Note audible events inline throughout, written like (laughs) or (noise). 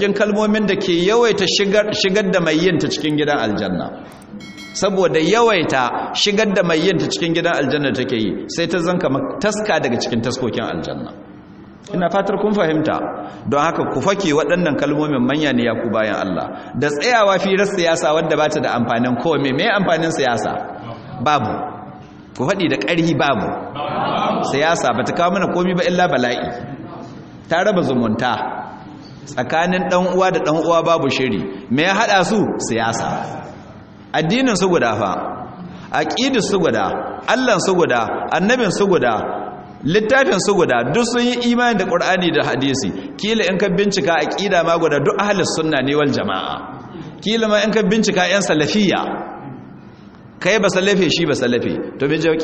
cikin kalmomin da ke yawaita shigar da mai yinta cikin gidan aljanna saboda yawaita shigar da mai yinta cikin gidan aljanna take yi sai ta zanka taska daga cikin taskokin aljanna ina fatar kun fahimta don haka ku fake waɗannan kalmomin manya ne ya ku bayan Allah da tsayawa firar siyasa wadda ba ta da amfanin kome mai amfanin siyasa babu ku faɗi da ƙarhi babu siyasa bata kawo mana komi ba illa bala'i ta raba zumunta tsakanin dan uwa da dan uwa babu shiri me ya hada su siyasa addinin su guda fa aqidu su guda Allah su guda annabin su guda littafin su guda duk sun yi imani da qur'ani da hadisi kila in ka bincika aqida ma guda duk ahlus sunna ne wal jamaa kila ma in ka bincika yan salafiya, kai ba salafe shi ba salafe to me jawo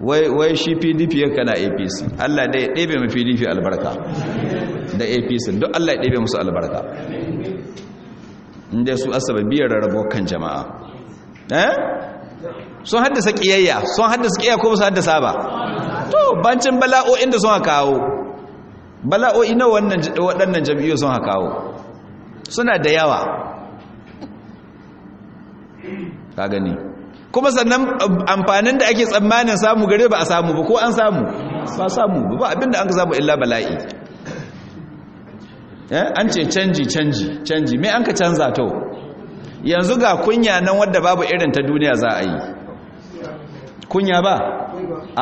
wai shi pdp yanka na apc allah da ya ɗebe mu pdp albarka da apc duk allah ya ɗebe musu albarka inda su asaba biyar rarrabo kan jama'a eh sun haddasa kiyayya sun haddasa kiyayya ko su haddasa ba to bancin bala'o'in da sun kawo bala'o'i na waɗannan jam'iyyar sun kawo suna da yawa ka gani kuma sannan um, amfanin da ake tsammanin samu gare ba a samu ba ko an samu ba samu ba abinda an ka samu illa bala'i eh, an ce canji canji canji mai an ka canza to yanzu ga kunya nan wadda babu irin ta duniya za a yi kunya ba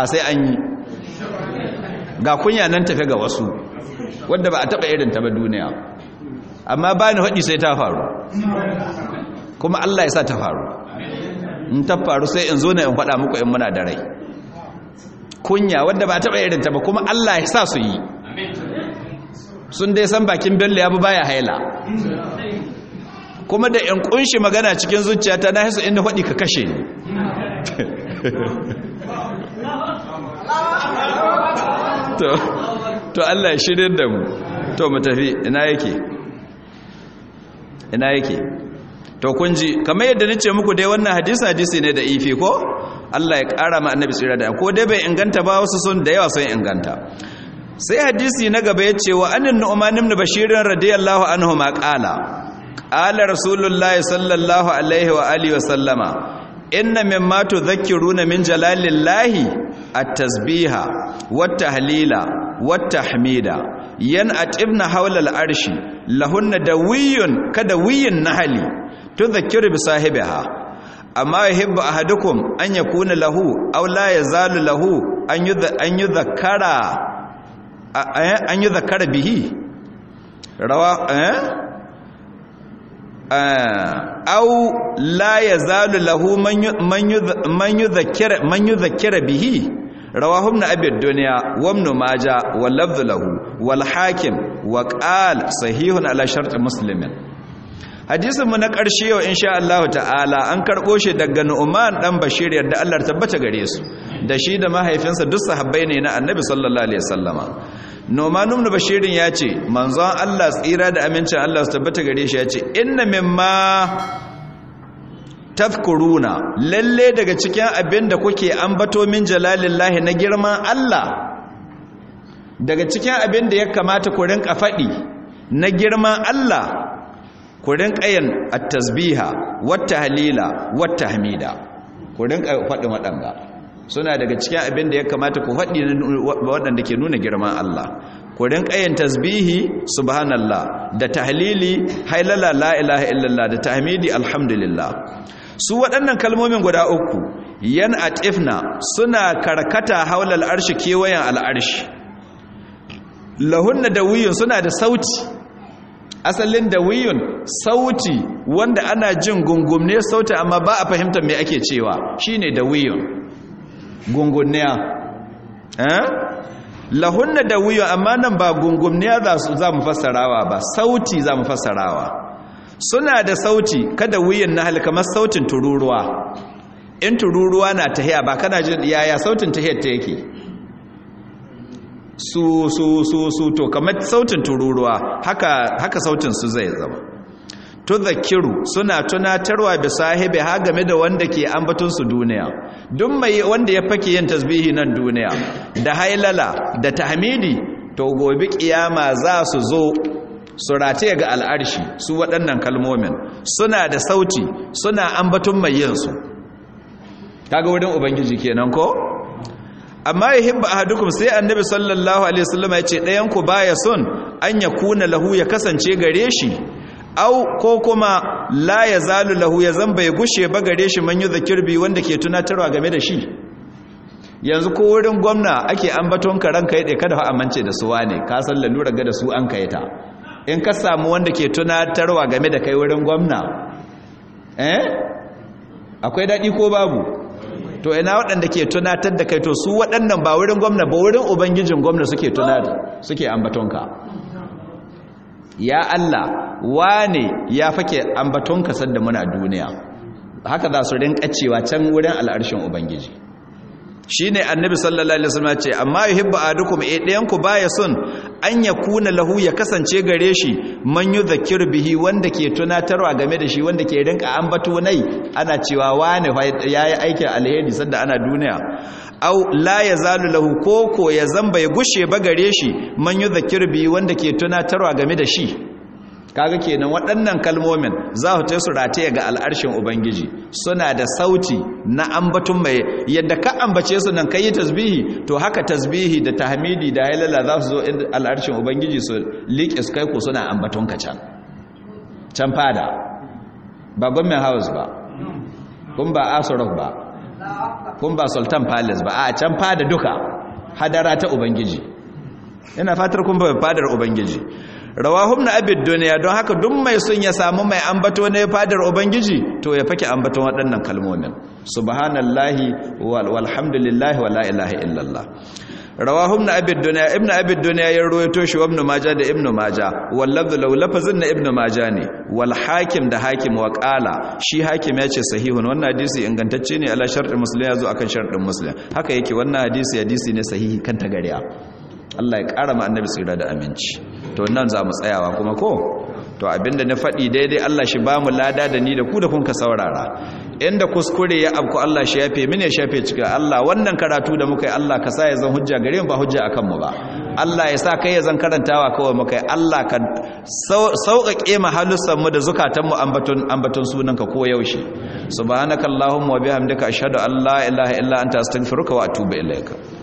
a sai an yi ga kunya nan tafi ga wasu wadda ba a taɓa irin ta ba duniya amma ba ni haɗi sai ta faru kuma Allah ya sa ta faru in ta faru sai in zo na in faɗa muku in muna da rai kunya wanda ba taɓa irin ta ba kuma Allah ya sa su yi sun dai san bakin bello ya bi baya haila kuma da in kunshi magana cikin zuciyata na hasu inda faɗi ka kashe ni (laughs) to Allah shirin da mu to mu tafi ina yake ina yake to kun ji kamar yadda nace muku dai wannan hadisi hadisi ne da ifi ko Allah ya kara ma annabi tsira da ko dai bai inganta ba wasu sun da yawa sun inganta sai hadisi na gaba ya ce wa annan nu'man ibn bashir radiyallahu anhu ma qala qala rasulullahi sallallahu alaihi wa alihi wa sallama inna mimma tudhakkiruna min jalalillahi at-tasbiha wat-tahlila wat-tahmida Yan atibna hawla al-arshi lahunna dawiyun kada wiyin nahali tudhakkiru bi sahibiha amma yuhibbu ahadukum an yakuna lahu aw la yazalu lahu an an yudhakkara an yudhakkara bihi rawa eh أو لا يزال له من يذكر به رواه ابن أبي الدنيا وابن ماجه واللفظ له والحاكم وقال صحيح على شرط مسلم hadisin mu na ƙarshe yau insha Allah ta'ala an karɓo shi daga Nu'man dan Bashir yadda Allah tabbata gare su da shi da mahaifinsa duk sahabbai ne na Annabi sallallahu alaihi wasallama Nu'man ibn Bashir ya ce manzon Allah tsira da amincin Allah su tabbata gare shi ya ce inna mimma tafkuruna lalle daga cikin abin da kuke ambato min jalalillahi na girman Allah daga cikin abin da ya kamata ku rinka faɗi na girman Allah ku rinka attasbiha wata tasbiha wata hamida kudin tahmida faɗin waɗanda suna daga cikin abin da ya kamata ku faɗi waɗanda ke nuna girman Allah ku rinka tasbihi subhanallah da tahlili hailala la ilaha illallah da tahmidi alhamdulillah su waɗannan kalmomin guda uku yan atifna suna karkata haular arshi kewayen al'arshi lahunna da wuyun suna da sauti asalin da wiyun sauti wanda ana jin gungumne sauti amma ba a fahimta mai ake cewa shine da wiyun gungumniya eh? lahunna da wiyun amma nan ba gungumniya za su za mu fassarawa ba sauti za mu fassarawa suna da sauti kada wiyun na kamar sautin tururuwa in tururuwa na tahiya ba kana jin yaya sautin tahiyar ta yake su su su su to kamar sautin tururuwa haka haka sautin su zai zama To zakiru suna tunatarwa bi sahibi ha game da wanda ke ambaton su duniya duk mai wanda ya fake yin tasbihi nan duniya da hailala da tahmidi to gobe kiyama za su zo su rate ga al'arshi su waɗannan kalmomin suna da sauti suna ambaton mai yin su kaga wurin ubangiji kenan ko amma ya a hadukum sai annabi sallallahu alaihi wasallam ya ce ɗayan ku baya son an ya kuna lahu ya kasance gare shi au ko kuma la ya zalu lahu ya zan bai gushe ba gare shi manyu da kirbi wanda ke tunatarwa game da shi yanzu ko wurin gwamna ake ambaton ka ranka yade kada fa amince da su wane ka san lalura ga da su an kai ta in ka samu wanda ke tunatarwa game da kai wurin gwamna eh akwai dadi ko babu to ina waɗanda ke tunatar da kai to su waɗannan ba wurin gwamna ba wurin ubangijin gwamna suke tunatar suke ambatonka ya Allah wane ya fake ambatonka sanda muna duniya haka za su rinƙa cewa can wurin al'arshin ubangiji Shi ne annabi sallallahu alaihi wasallam ce amma yuhibbu adukum eh ɗayan ku baya son an ya kuna lahu ya kasance gare shi man yudhakkiru bihi wanda ke tunatarwa game da shi wanda ke rinka ambato nai ana cewa wani yayi aikin alheri sanda ana duniya au la yazalu lahu koko ya zamba ya gushe ba gare shi man yudhakkiru bihi wanda ke tunatarwa game da shi kaga kenan waɗannan kalmomin za su su rataye ga al'arshin ubangiji suna da sauti na ambatun mai yadda ka ambace su nan kai tasbihi to haka tasbihi da tahmidi da halala za su zo inda al'arshin ubangiji su liƙe su kai ku suna ambaton ka can can fada ba gwamnan house ba kun ba asurok ba kun ba sultan palace ba a can fada duka hadara ta ubangiji ina fatar kun fadar ubangiji rawahum na abid duniya don haka duk mai sun ya samu mai ambato ne fadar ubangiji to ya fake ambaton waɗannan kalmomin subhanallahi walhamdulillahi wala ilaha illallah rawahum na abid duniya ibnu abid duniya ya ruwaito shi ibnu maja da ibnu maja wallahu law lafazin na ibnu maja ne wal hakim da hakim wa qala shi hakim ya ce sahihun wannan hadisi ingantacce ne ala shartin muslim zo akan shartin muslim haka yake wannan hadisi hadisi ne sahihi kan gariya Allah ya ƙara ma annabi tsira da aminci to nan za mu tsayawa kuma ko to abinda na faɗi daidai Allah shi ba mu lada da ni da ku da kunka saurara inda kuskure ya abku Allah shi yafe mini ya shafe cika Allah wannan karatu da muka yi Allah ka sa ya zan hujja gare mu ba hujja akan mu ba Allah ya sa kai ya zan karantawa kawai muka yi Allah ka sauƙaƙe mu halussan mu da zukatan mu ambaton ambaton sunanka ko yaushe subhanakallahumma wa bihamdika ashhadu an la ilaha illa anta astaghfiruka wa atubu ilaika